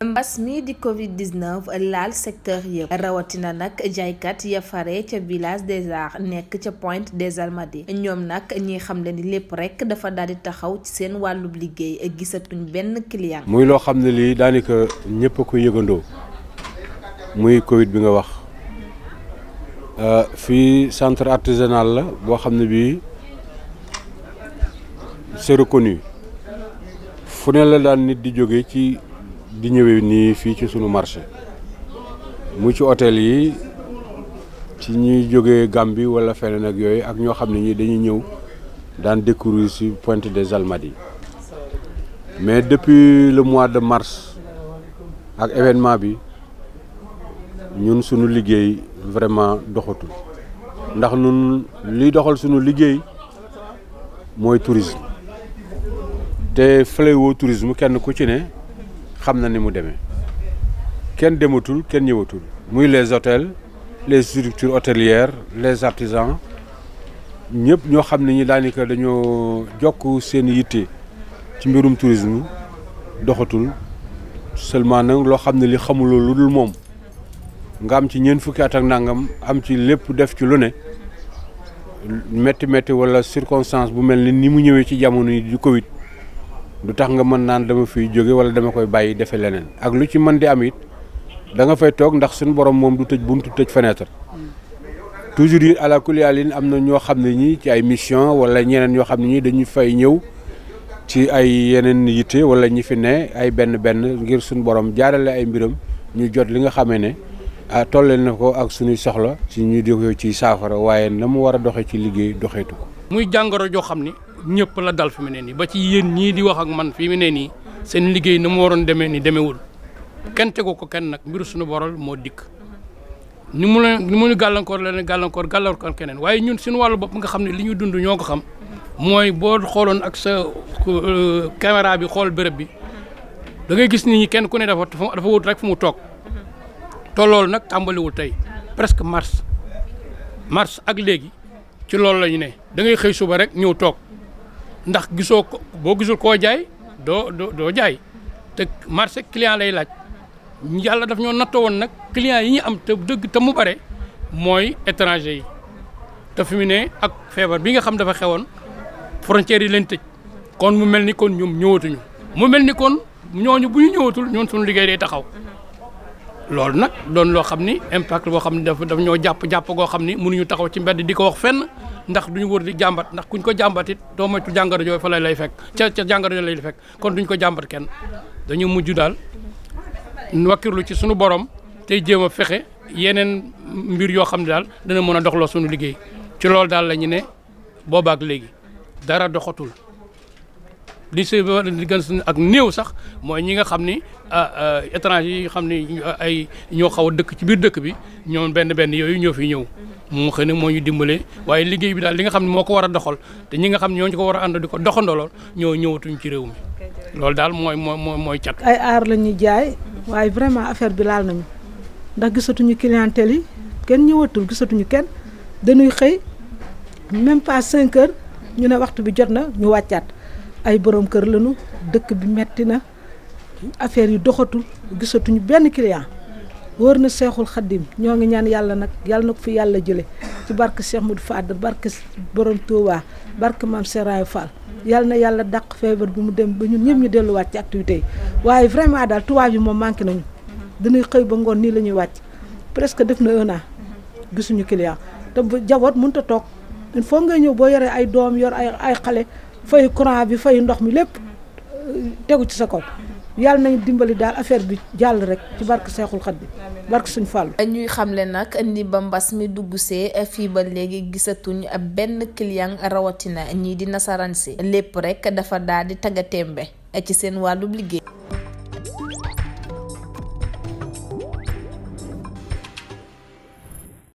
mbas mi di covid 19 laal secteur yëpp rawatina nag jaaykat ya fare ca village des arts nekk ca Pointe des Almadies ñoom nag ñi xam le ni lépp rek dafa dal di taxaw ci seen wàllub liggéey gisatuñ benn client muy loo xam ne lii daanaka ñëpp a ko muy covid bi nga wax euh, fii centre artisanal la boo xam ne bii c'est reconnu fu ne la daan nit di jóge ci di ñëwee nii fii ci sunu marché mu ci hôtel yi ci ñuy jógee Gambie wala feneen ak yooyu ak ñoo xam ne ñi dañuy ñëw daan découvrir ci Pointe des yi mais depuis le mois de mars ak événement bi ñun sunu liggéey vraiment doxatul ndax ñun liy doxal sunu liggéey mooy tourisme te fléau tourisme kenn ku ci ne. xam na ni mu demee kenn dematul kenn ñëwatul muy les hôtels les structures hôtelières les artisans ñëpp ñoo xam ne ñi daanika dañoo jokk seen yitte ci mbirum tourisme doxatul seulement nag loo xam ne li xamuloo lu dul moom nga am ci ñeent fukki at ak nangam am ci lépp def ci lu ne métti métti wala circonstance bu mel ni ni mu ñëwee ci jamono yi du Covid du tax nga mën naan dama fiy jóge wala dama koy bàyyi defe leneen ak lu ci mën di am it da nga fay toog ndax suñu borom moom du tëj buntu tëj fenêtre toujours yi àla kuliyaalin am na ñoo xam ne ñi ci ay mission wala ñeneen ñoo xam ne ñi dañu fay ñëw ci ay yeneen yitte wala ñi fi ne ay benn benn ngir suñu borom jaarale ay mbiram ñu jot li nga xamee ne a ah, tolleen na ko ak suñuy soxla si ñu di ko ci saafara waaye na mu war a doxe ci liggéey doxeetu ko muy jàngoro joo xam ni ñëpp la dal fi mu ne nii ba ci yéen ñii di wax ak man fi mu ne nii seen liggéey na moo waroon demee nii demeewul kenn tegu ko kenn nag mbiru suñu boral moo dikk. ni mu la ni mu gàllankoor la ne gàllankoor ko keneen waaye ñun suñu wallu bopp nga xam ne li ñu dund ñoo ko xam mooy boo xooloon ak sa euh, caméra bi xool bërëb bi da ngay gis nit ñi kenn ku ne dafa dafa wut rek fu mu toog te nag tàmbaliwul tey presque mars mars ak léegi ci loolu la ne da ngay xëy suba rek ñëw toog. ndax gisoo ko boo gisul koo jaay doo doo jaay te marché client lay laaj yàlla daf ñoo nattoo woon nag client yi ñu am te dëgg te mu bare mooy étranger yi te fi mu ne ak feebar bi nga xam dafa xewoon frontières yi leen tëj kon mu mel ni kon ñoom ñëwatuñu mu mel ni kon ñooñu bu ñu ñëwatul ñoon suñu liggéey day taxaw loolu nag doon loo xam ni impact boo xam ni dafa dafa ñoo jàpp jàpp goo xam ni mënuñu taxaw ci mbedd di ko wax fenn ndax duñu wër di jàmbat ndax kuñ ko jàmbatit it doo moytu jàngoro yooyu fa lay lay fekk ca ca jàngoro yooyu lay fekk kon duñ ko jàmbat kenn dañu mujj daal nu wakkirlu ci suñu borom tey jéem a fexe yeneen mbir yoo xam ne daal dana mën a doxloo suñu liggéey ci loolu daal la ñu ne boobaak léegi dara doxatul li a di gën ak néew sax mooy ñi nga xam ni ah, ah, étranger yi xam ni ay ñoo xaw a dëkk ci biir dëkk bi ñoom benn benn yooyu ñoo fi ñëw. mu xëy na moo ñu dimbalee waaye liggéey bi daal li nga xam ne moo ko war a doxal te ñi nga xam ne ñoo ñu ko war a ànd di ko doxandolool ñoo ñëwatuñ ci réew mi loolu daal mooy mooy mooy cat. ay aar la ñuy jaay waaye vraiment affaire bi laal nañu ndax gisatuñu clientèle yi kenn ñëwatul gisatuñu kenn dañuy xëy même pas 5 ñu ne waxtu bi jot na ñu wàccaat. ay borom kër lañu dëkk bi metti na affaire yi doxatul gisatuñu benn client wër na seexul xaddim ñoo ngi ñaan yàlla nag yàlla na ko fi yàlla jële ci seex mu Modou Fadda barke borom Touba barke maam Seraay Fall yàlla na yàlla dàq feebar bi mu dem ba ñu ñëpp ñu delluwaat ci activité yi waaye vraiment daal tubaab yi moom manqué nañu dañuy xëy ba ngoon nii la ñuy wàcc presque def na un an gisuñu client te jaboot mënut a toog il faut ngay ñëw boo yoree ay doom yor ay ay xale fay courant bi fay ndox mi lépp tegu ci sa kaw yàlla nañu dimbali daal affaire bi jàll rek ci barke Seexul Xadiim barke suñu fàllu ñuy xamle nag ni ba mbas mi dugg see fii ba léegi gisatuñ benn client rawatina ñii di nasaraan si lépp rek dafa daal di taggatémbe ci seen wàllub liggéey.